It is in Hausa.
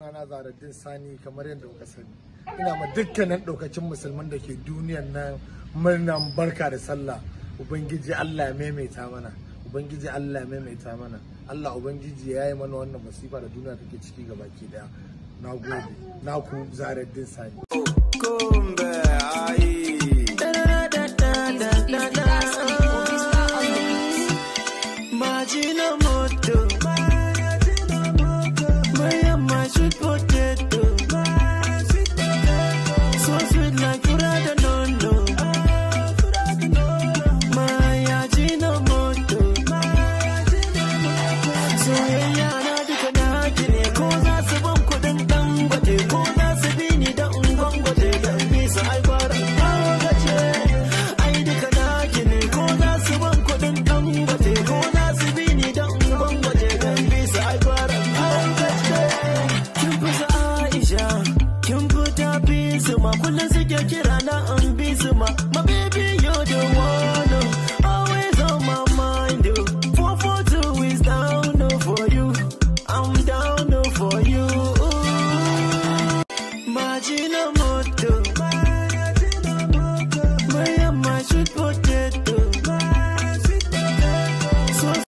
Ana Zaraddin Sani kamar yadda kuka sani. Ina ma dukkanin ɗaukacin musulman da ke duniyan na murnan barka da sallah. Ubangiji Allah ya maimaita mana. Ubangiji Allah ya maimaita mana. Allah Ubangiji ya yi mana wannan masifa da duniya take ciki gaba ki daya. Na gode. Na ku Zaraddin Sani. I should. fi su ma kullum suke kira na an bi zuma. ma mabi